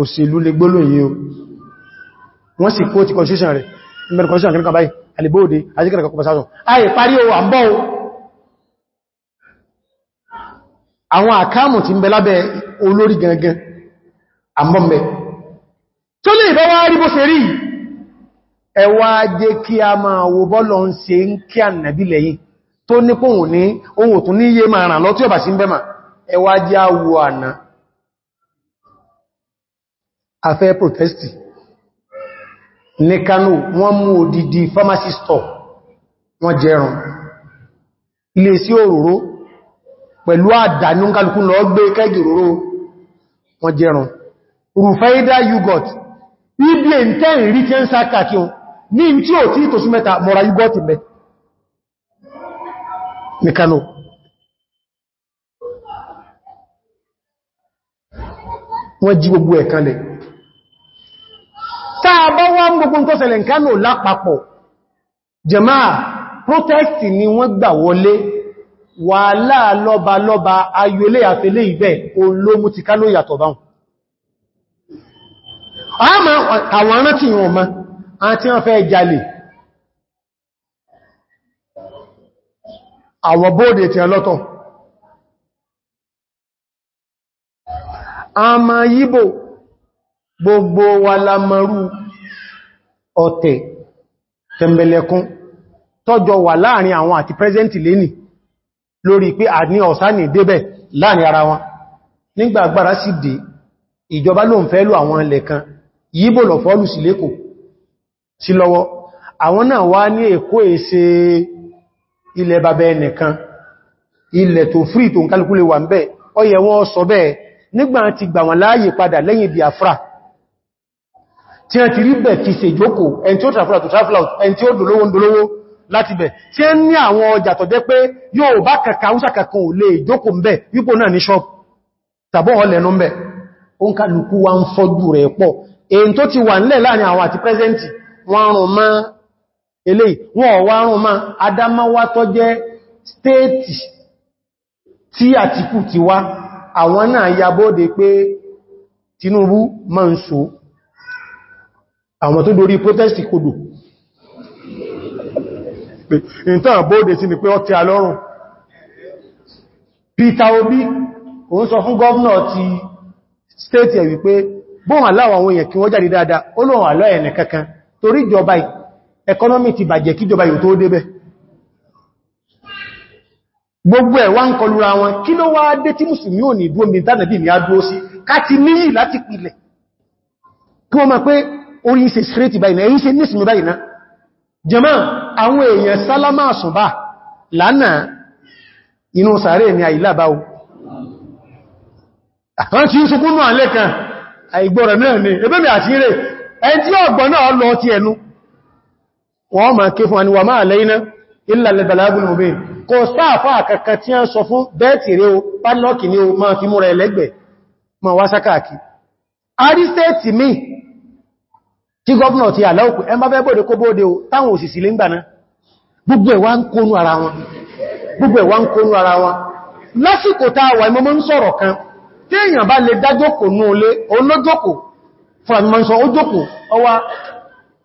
òṣèlú lè gbóló yìí wọ́n sì kó ti constitution rẹ̀ mẹ́rin constitution kìrìkà báyìí alìbóòdé ajíkẹ̀rẹ̀ kọpasásọ̀ ayè parí o àmbọ́ o àwọn àkáàmù ti ń bẹ lábẹ́ olórí gangan ẹwà jẹ́ kí a máa wo bọ́lọ̀ ń ṣe ń kí ànàbí lẹ́yìn tó nípò òun ní ohun òtún ní iye máa ràn lọ tí ọba sí sí bẹ́mà ẹwà jẹ́ àwọ àná afẹ́ protesti ní Kano wọ́n mú òdìdí pharmacy store wọ́n jẹrun ilé sí òróró pẹ̀lú àdá ní kálukú lọ gbé kẹ́gì wọ́n jẹrun rufaida ibi tí ń sá kàkí ní tí ò tí mọ́ra ní Kano wọ́n jí gbogbo ẹ̀ kalẹ̀ táà bá wá ń gbogbo tó ṣẹlẹ̀ Kano lápapọ̀ jẹmáà protest ni wọ́n gbà wọlé wàhálà lọ́ba lọ́ba ayò ilé àfẹ́lé ìbẹ̀ olómú ti Kano yàtọ̀ báhùn àwọn arántí wọn ma àti wọn fẹ́ jalè àwọ̀bóòdè ti ọlọ́tọ̀ a ma yíbò gbogbo wa la marú ọ̀tẹ̀ tẹ̀mbẹ̀lẹ̀kún tọ́jọ wà láàrin àwọn àti pẹ́sẹ̀ntì lẹ́nì lórí pé a ní ọ̀sánì débẹ̀ láàrin ara wọn nígbà agbára sì dé ìjọba ló ń fẹ́ lò àwọn ilẹ̀ kan yíbò lọ sí lẹ́kọ̀ọ́ sí lọ́wọ́ àwọn náà wá ní èkó èsèé ilẹ̀ bàbẹ̀ ẹnìkan ilẹ̀ tó frí tó ń kálukúlé wà ń bẹ́ ọyẹ wọn sọ bẹ́ẹ̀ nígbà ti gbà wọn láàyè padà lẹ́yìn Biafra tí a ti rí bẹ̀ fi ṣe ìjókò ẹn tí ó tàfíà tó tàfíà ẹn tí ó dòlówó dòlówó láti bẹ̀ tí a ní àwọn ọjà tó jẹ́ pé yóò bá kàkà húsà kàkàn ò lè ìjókò mbẹ̀ wípò náà ní ṣọ́pù tàbọ́ ọlẹ̀ nú mbẹ̀ ó ń eléyìí wọ́n wá rún ma Adamawa tó jẹ́ stéètì tí Àtíkù ti wá àwọn náà yabóde pé Tinubu ma ń so àwọn tó dorí protesti kodò ìntàn àbóde sí ni pé ọtí alọ́rùn Peter Obi òun sọ fún gọ́ọ̀nà ti stéètì ẹ̀ wípé bóhàn aláwọ̀ àwọn èèyàn kí wọ́n jáde dáadáa ó lóhàn kankan torí ìjọba ì ẹkọ́nọ́mì ti bàjẹ́ kíjọba yóò tó débẹ̀ gbogbo ẹ̀ wá ń kọlura wọn kí ló wá dé tí mùsùlùmí ò ní ìdúró mi tánàbí mi á dúró sí káti níyì láti pìlẹ̀ kí wọ́n ma pé orí ṣe sírẹ́tì báyìí èyí ṣe nísìmí báyìí ná jàmá àwọn èèyàn ń tí ọgbọ̀n náà lọ ti ẹnu wọ́n ma ké fún àníwà máa lẹ́yìn ilẹ̀ lẹ́bẹ̀lágún òbí kò sáàfà kankan tí a sọ fún bẹ́ẹ̀tì rí o pálọ́kì ní o máa fi múra ẹlẹ́gbẹ̀ ma wá sákàkì arísẹ́ẹ̀tì mi tí gọ́ọ̀nà ti àláòkù ẹ máa bẹ́ẹ̀bọ̀dẹ̀ kó bóde o táwọn òsìsì lè ń gbàná gbogbo ẹ̀ wá ń kónú ara wọn gbogbo ẹ̀ wá ń kónú ara wọn lásìkò táwà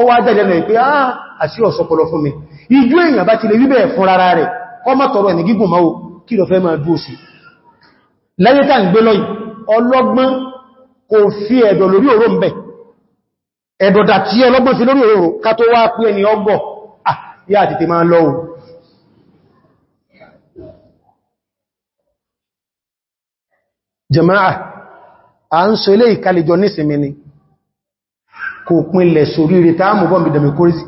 ọwá jẹ́lẹ̀nà ìpé àà ah, àṣí ọ̀sọ̀pọ̀lọ fún mi ijú èyàn bá ti lè wíbẹ̀ fún rárá rẹ̀ kọ́ mọ́ tọrọ ẹni gígùn máa kí lọ fẹ́ máa dúó sí lẹ́yẹ́ta ń gbé lọ́yìn ọlọ́gbọ́n kò fi ẹ̀dọ̀ lórí òró ń bẹ̀ ẹ̀dọ̀ dàtí ọlọ́gbọ́n jama'a ah, a ń so kò pínlẹ̀ sórí rẹ̀ táàmù bọ́m̀bì democracy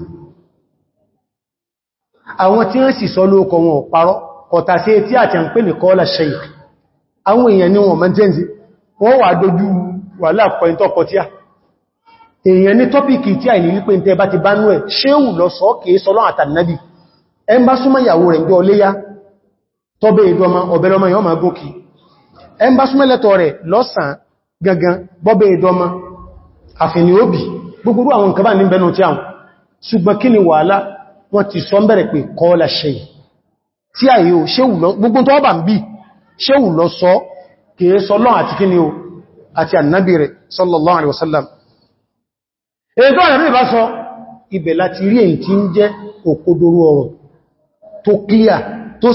àwọn tí wọ́n sì sọ lóòkọ̀ wọn parọ́ kọ̀tà sí etí àti àǹpé ní kọ́ọ́lá sheik àwọn èèyàn ní wọn mẹ́jẹ́ǹsì wọ́n wà dojú wà láàpọ̀ìntọ́kọtíà èèyàn ní tọ́pìkì tí àìní wípé ń tẹ bá ti bá nú ẹ̀ ṣéhù lọ sọ kìí sọ lọ́n rẹ̀ lọ́sàn gangan bọ́bẹ̀ ìdọ́mọ àfihàn òbí gbogbo àwọn nǹkan bá ní bẹnu tí àwọn ṣùgbọ́n kí ni wàhálà wọ́n ti sọ bẹ̀rẹ̀ pé kọ́ọ́lá ṣe tí àyè o gbogbo tó bá ń bí ṣéhù lọ sọ kìí sọ lọ́n àti kí ni o àti ànábì rẹ̀ sallallahu alaihi wasallam ibẹ̀ láti rí èyí tí ń jẹ́ tó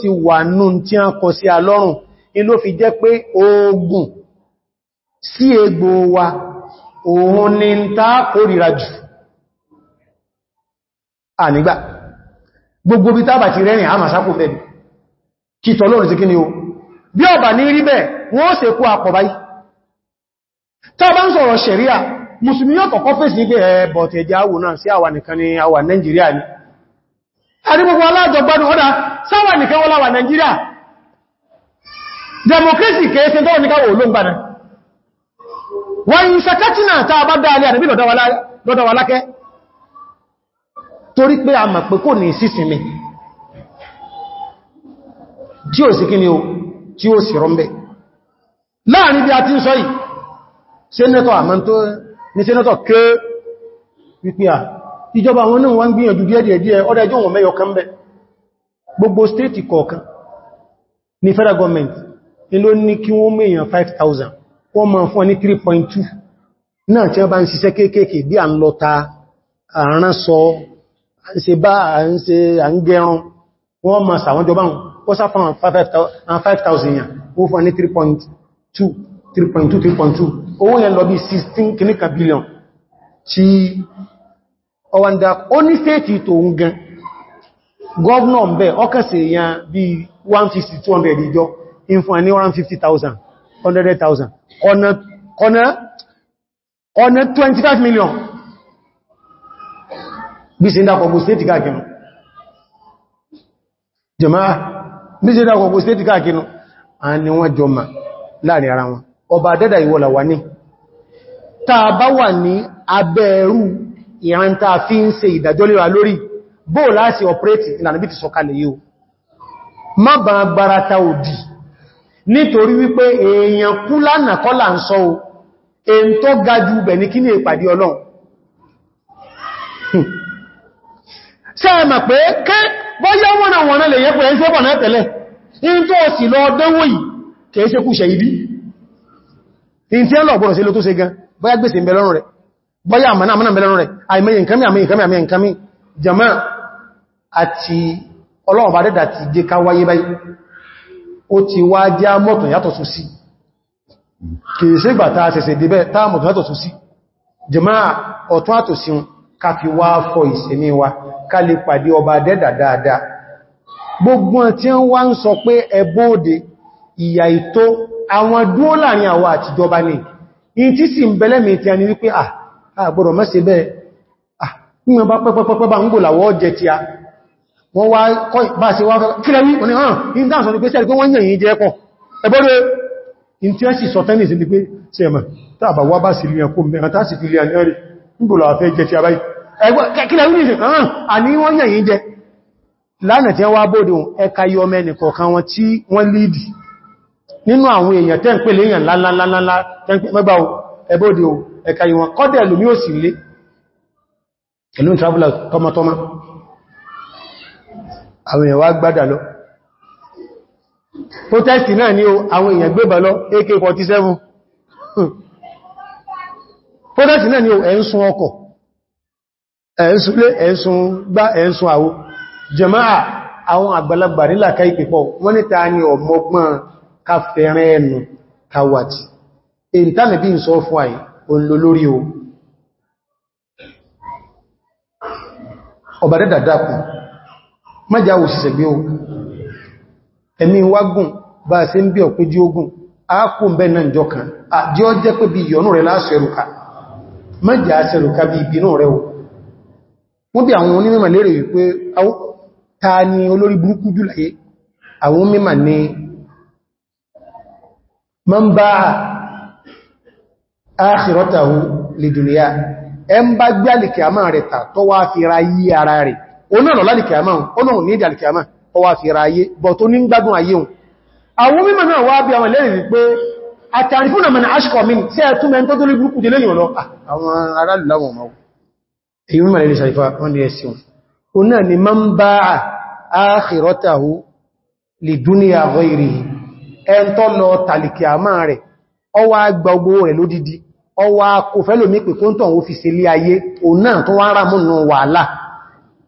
ti wà nù tí a kọ sí alọ́rùn inú fi jẹ́ pé si sí egbò wa òun ni ń tá kórìíra jù ànígbà gbogbo bí tábà ti rẹ́rìn àmà sápò mẹ́bí kí sí kí ni o bí ọba ní rí bẹ́ẹ̀ wọ́n ṣe kú àpọ̀ báyìí tọ́bá ń sọ̀rọ̀ musulmi yóò kọ̀kọ́ fèsì ní pé ẹ̀bọ̀ tẹ̀jẹ́ àwò náà sí àwa nìkan ni Awa Nàìjíríà ni àrí gbogbo ọ́dá sáwà nìkan wọ́n láwà Nàìjíríà democracy kèése tó wọ́n ní káwọ̀ olóngbàna wọ́n yìí sàkẹ́tìnà tàà bá dáa lé àdàbí lọ́dọ̀ wà lákẹ́ torí pé a mọ̀ pé kò ní sísinmi tí ó sì kí ni ó tí ó sì rọ́mbẹ̀ láàrin bí a ti ń sọ yìí sẹ́nẹ́tọ̀ àmọ́ tó ní sẹ́nẹ́tọ̀ federal government nílò ní kí wọ́n mẹ́yàn 5,000 wọ́n máa fún ní 3.2 náà tí wọ́n bá ń ṣiṣẹ́ kéékèèké bí à ń lọ ta àrán sọ ṣe bá à ń gẹran wọ́n máa sàwọn jọba wọ́n sá fún 5,000 yàn wọ́n fún ní 3.2 3.2 3.2 owó yẹn lọ bí 16 kìníkà billion tí ọwàndà ó ní stéètì tó ń gan gọ́ọ̀nà ń bẹ̀ ọkàsẹ̀ èèyàn bí 150 200 ìjọ in fún ẹni 150,000 100,000 ọ̀nà 25 million bí sí ìdákọ̀gbò stéètì káàkiri jẹmáà bí sí ìdákọ̀gbò stéètì káàkiri a ni wọ́n jọ ma láàrin ara wọn ọba dẹ́dà ìwọ̀là wà ní tàà bá wà ní abẹ́ẹ̀rú ìrántà fi ń ṣe ìdájọ́ lera lórí bóò láti ọ̀pẹ́ẹ̀tì ìlànà bí ti sọ̀kalẹ̀ yìí má bá gbára ta òdì nítorí wípé èèyàn kú lánàá kọ́là ń sọ o èyí tó ga jù bẹ̀ ní kí ní ìpàdé ọlọ́run sẹ́ẹ̀mà pé kẹ́ bọ́yá wọ́n àwọn ọ̀nà lè yẹ́ pẹ̀lú ṣẹ́bọ̀ náà tẹ̀lẹ̀ in tó sì lọ dánwò yìí kẹ́ ṣe kú ṣe ibi in tí ẹ lọ gbọ́rọ̀ sí ló tó ṣe bá dẹ́dà ti jẹ ká wáyé báyìí ó ti wá jẹ́ mọ́tún yàtọ̀ sún sí kìí sí ìgbà tàà sẹ̀sẹ̀ débẹ̀ tàà mọ̀tún yàtọ̀ sún sí jẹmáà ọ̀tún àtò sí ká fi wá fọ ìsẹ̀mí wa ká lè pàdé ọba dẹ́dà dáadáa gbogbo tí ń wá ń sọ pé ẹbóòdè ìyà ìtó àwọn dúó láàrin àwa àtijọba ní in tí sì ń bẹ́lẹ́mì tí a ní wípé à gbọ́dọ̀ mẹ́sẹ̀ bẹ́ẹ̀ wọ́n wá bá ṣe wá wọ́n ah, ni hàn ní dáàsọ̀ ní pé sẹ́rì pé wọ́n yẹ̀yìn jẹ́ pọ̀ ẹgbọ́dẹ̀ ìntíẹ́sì sọ̀tẹ́nìsì pé tàbà wá bá sí ilé ẹkùn mẹ́rin tàbà sí wọ́n àwọn èèyàn wá gbádà lọ protesti náà ni o àwọn èèyàn gbébà lọ AK-47 protesti náà ni o ẹ̀ ń sun ọkọ̀ ẹ̀ ń sunlé ẹ̀ ń sun gbá ẹ̀ ń sun àwo jẹmáà àwọn àgbàlagbà nílà ká ìpẹ̀pọ̀ wọ́n níta ni ọmọgbọ́n ká káwàtí o ọba dẹ́dà dákùn mẹ́jà òṣìṣẹ́ gbé o ẹ̀mí wágùn bá ṣe ń bí ọ̀pẹ́ jí ogun ákò ń bẹ́ náà jọ kan àjí ọ jẹ́ pé bí ìyọnú rẹ̀ láṣẹ ẹ̀rùka mẹ́jà aṣẹ ẹ̀rùka bí o wọ́n bí àwọn onímọ̀ lérè wípé ta ni olórí burúkú jù láyé àwọn mímọ̀ ni ma bá lè dùnìyà ẹ ń bá gbé àmà rẹ̀ tà tọ́wọ́ fi ra yí ara rẹ̀ onáàrọ̀ lálìkìyàmá ọlọ́run ní ìdàlìkìyàmá ọwà fìrà ayé bọ̀ tó ní gbádùn ayé hùn àwọn mímọ̀ náà wá bí àwọn lẹ́rìn wípé àtàrífún àmàna ashkomin tí ẹ̀ túnmẹ́ tó tó lé burúkú délé yìí lọ ni ẹ̀sìn o náà ni ma ń bá àkhìrọ́tàhù lè dúníyà rọ̀ìrì ẹn tó lọ tàlìkì àmà rẹ̀ ọwá gba ogbó rẹ̀ lódidi ọwá kò fẹ́lòmí pẹ̀kúntọ̀ òfìsẹ̀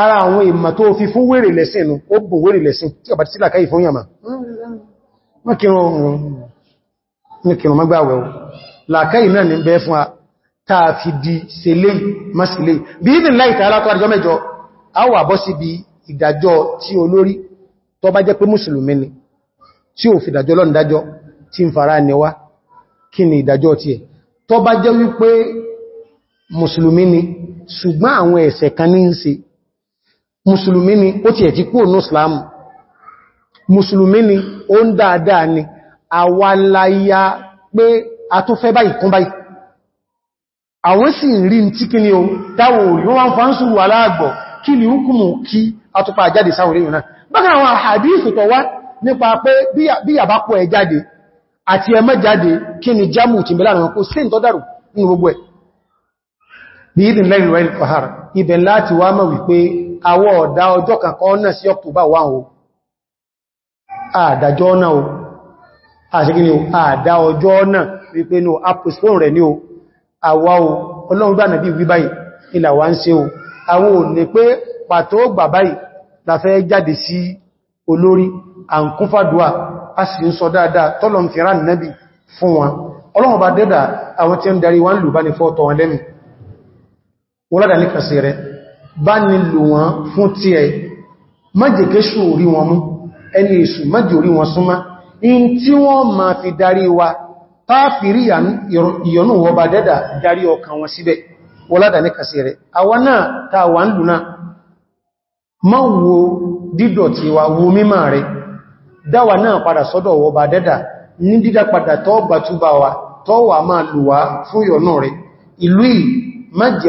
ara àwọn ìmà tó fi fún wèrè lẹ́sìn nù ó bò wèrè lẹ́sìn tí ọ̀bá tí làkáyì fún yàmà mọ́kìrún mọ́gbàwẹ̀ o làkáyì náà ní bẹ́ fún a taa fi di sẹlẹ̀ masílẹ̀ bí i láì tààlá tó àjọ mẹ́jọ a wà bọ́ sí bí ìdájọ́ tí olórí tó bá jẹ́ pé mùsùlùmí ni tí ò fi ìdájọ́ lọ́nà dájọ́ tí ń fara níwá kí ni ìdájọ́ tí ẹ̀ tó bá jẹ́ wípé mùsùlùmí ni ṣùgbọ́n àwọn ẹ̀ṣẹ̀ kan ní ń ṣe musulmi ni ó ti ẹ̀tí kúrò ní islam ni ó ń dáadáa ni àwàláyà pé a tó fẹ́ báyìí kún báyìí àwọn sì rí tí kí ni o táwò rí wọ́n fa ń sùrù aláàgbọ̀ kí ni hukumu kí a tó pa jáde sáwọn oríyìn náà bákan àwọn àhàdíìsì tó wá nípa pé bí ni àwọ ọ̀dá ọjọ́ kankan náà sí October 1 o àdájọ́ náà o àṣíkí ni o àdá ọjọ́ náà wípé ní apostol rẹ̀ ní o àwa o ọlọ́run gbà nàbí wí báyìí ilà wá ń ṣe o àwọn ò ní pé pàtó gbà báyìí la fẹ́ jáde sí olórí àǹkúfàdùà bá nílò wọn fún tí ẹ májèkéṣù orí wọn mú ẹni èṣù májè orí wọn súnmá in tí wọ́n ma fi darí wa táàfìrí ìyọnú ọba dẹ́dà darí ọkàn wọn síbẹ̀ wọ́ládà ní àwọn ma wo wa wo dáwà wà fún ìlú ì májì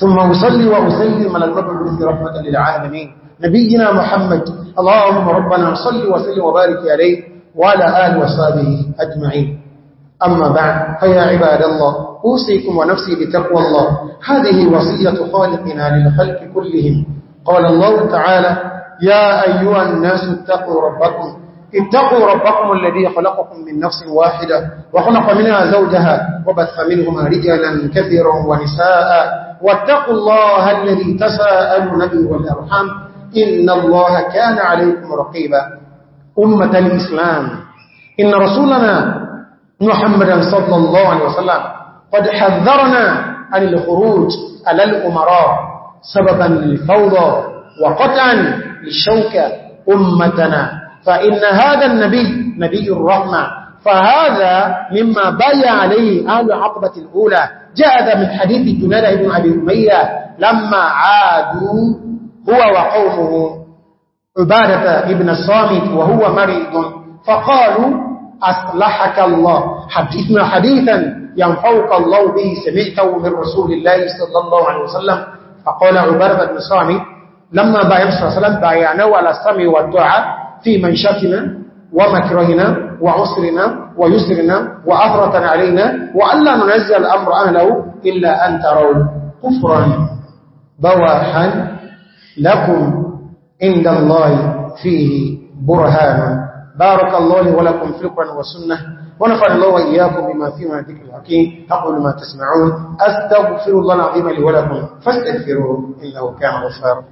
ثم أصلي وأسلم على المبعوث رحمة للعالمين نبينا محمد اللهم ربنا صل وسلم وبارك عليه وعلى آله وصحبه أجمعين أما بعد فيا عباد الله أوصيكم ونفسي بتقوى الله هذه وصية خالقنا للخلق كلهم قال الله تعالى يا أيها الناس اتقوا ربكم اتقوا ربكم الذي خلقكم من نفس واحدة وخلق منها زوجها وبث منهما رجالا كثيرا ونساء واتقوا الله الذي تساءلون به والأرحام إن الله كان عليكم رقيبا أمة الإسلام إن رسولنا محمدا صلى الله عليه وسلم قد حذرنا عن الخروج على الأمراء سببا للفوضى وقطعا للشوكة أمتنا فإن هذا النبي نبي الرحمة فهذا مما بايع عليه أهل عقبة الأولى جاء من حديث جنادة بن أبي أمية لما عادوا هو وقومه عبادة ابن الصامت وهو مريض فقالوا أصلحك الله حدثنا حديثا ينفوق الله به سمعته من رسول الله صلى الله عليه وسلم فقال عبادة بن الصامت لما بايع صلى الله عليه وسلم بايعناه على السمع والدعاء في من شكنا ومكرهنا وعسرنا ويسرنا وأثرة علينا وألا ننزل الأمر أهله إلا أن تروا كفرا بواحا لكم عند الله فيه برهانا بارك الله لي ولكم في القرآن والسنة ونفعل الله وإياكم بما فيه من ذكر الحكيم أقول ما تسمعون أستغفر الله العظيم لي ولكم فاستغفروه إنه كان غفارا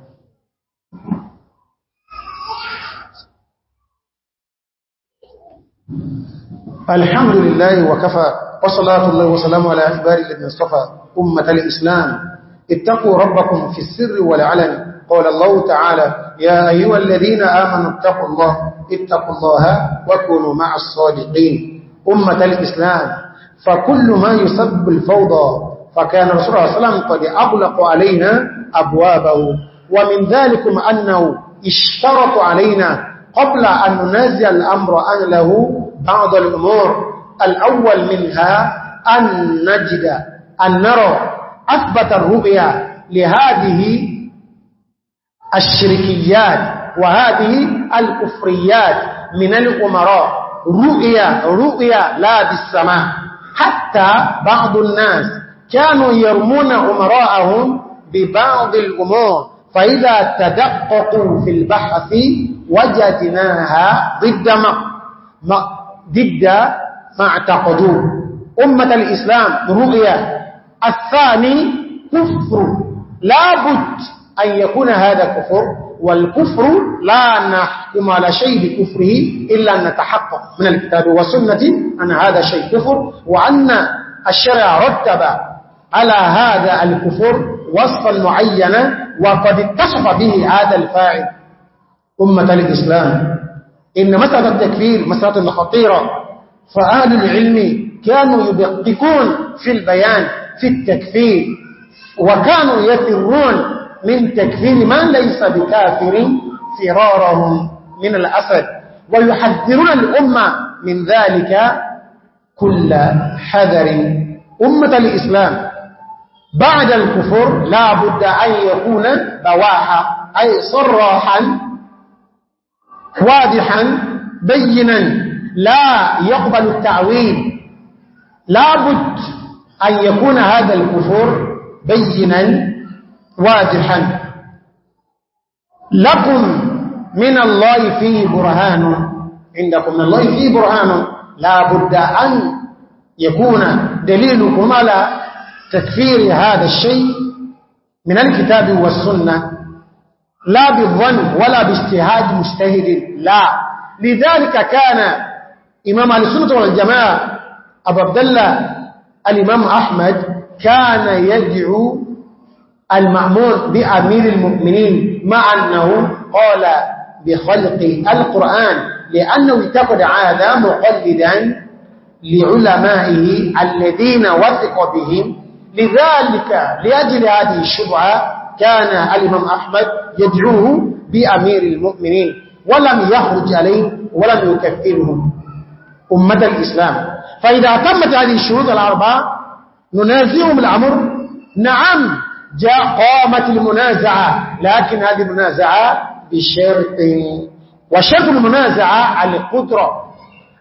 الحمد لله وكفى وصلاة الله وسلام على أخبار الذين اصطفى أمة الإسلام اتقوا ربكم في السر والعلن قال الله تعالى يا أيها الذين آمنوا اتقوا الله اتقوا الله وكونوا مع الصادقين أمة الإسلام فكل ما يسبب الفوضى فكان رسول الله صلى الله عليه وسلم قد أغلق علينا أبوابه ومن ذلك أنه اشترط علينا قبل أن ننزل الأمر أن له بعض الأمور الأول منها أن نجد أن نرى أثبت الرؤيا لهذه الشركيات وهذه الكفريات من الأمراء رؤيا رؤيا لا بالسماء حتى بعض الناس كانوا يرمون أمراءهم ببعض الأمور فإذا تدققوا في البحث وجدناها ضد ما ضد ما اعتقدوه أمة الإسلام رؤية الثاني كفر لابد أن يكون هذا كفر والكفر لا نحكم على شيء بكفره إلا أن نتحقق من الكتاب والسنة أن هذا شيء كفر وأن الشرع رتب على هذا الكفر وصفا معينا وقد اتصف به هذا الفاعل أمة الإسلام إن مسألة التكفير مسألة خطيرة فأهل العلم كانوا يدققون في البيان في التكفير وكانوا يفرون من تكفير من ليس بكافر فرارهم من الأسد ويحذرون الأمة من ذلك كل حذر أمة الإسلام بعد الكفر لا بد أن يكون بواحا أي صراحا واضحا بينا لا يقبل التعويل لابد أن يكون هذا الكفر بينا واضحا لكم من الله فيه برهان عندكم من الله فيه برهان لابد أن يكون دليلكم على تكفير هذا الشيء من الكتاب والسنة لا بالظن ولا باجتهاد مجتهد لا لذلك كان إمام أهل السنة والجماعة أبو عبد الله الإمام أحمد كان يدعو المأمور بأمير المؤمنين مع أنه قال بخلق القرآن لأنه اتقد هذا مقلدا لعلمائه الذين وثق بهم لذلك لأجل هذه الشبعة كان الإمام أحمد يدعوه بأمير المؤمنين ولم يخرج عليه ولم يكفره أمة الإسلام فإذا تمت هذه الشروط الأربعة ننازعهم الأمر نعم جاء قامت المنازعة لكن هذه المنازعة بشرط وشرط المنازعة على القدرة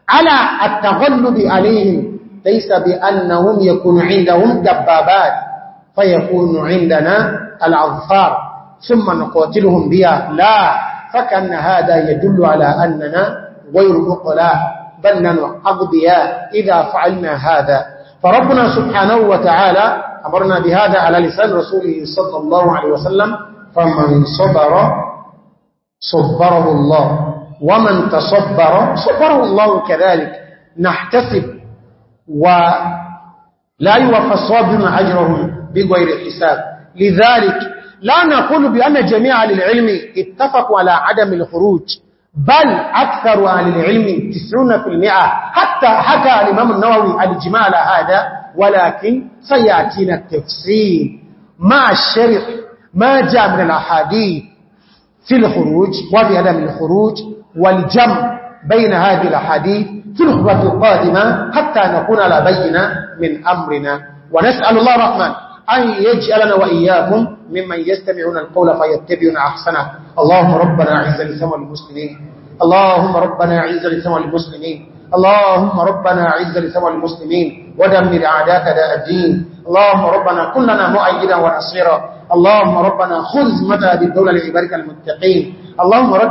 على التغلب عليهم ليس بأنهم يكون عندهم دبابات فيكون عندنا العظفار ثم نقاتلهم بها لا فكأن هذا يدل على أننا غير أقلاء بل ننعقضيا إذا فعلنا هذا فربنا سبحانه وتعالى أمرنا بهذا على لسان رسوله صلى الله عليه وسلم فمن صبر صبره الله ومن تصبر صبره الله كذلك نحتسب ولا يوفى الصابر أجرهم بغير حساب لذلك لا نقول بأن جميع أهل العلم اتفقوا على عدم الخروج بل أكثر أهل العلم تسعون في المئة حتى حكى الإمام النووي الجمال على هذا ولكن سيأتينا التفصيل مع الشرح ما جاء من الأحاديث في الخروج وفي عدم الخروج والجمع بين هذه الأحاديث في الخبرة القادمة حتى نكون على بينة من أمرنا ونسأل الله الرحمن أن يجعلنا وإياكم ممن يستمعون القول فيتبعون أحسنه اللهم ربنا عز لسوى المسلمين اللهم ربنا عز لسوى المسلمين اللهم ربنا عز لسوى المسلمين ودمر عادات داء الدين اللهم ربنا كلنا مؤيدا ونصيرا اللهم ربنا خذ مدى بالدولة لعبارك المتقين اللهم ربنا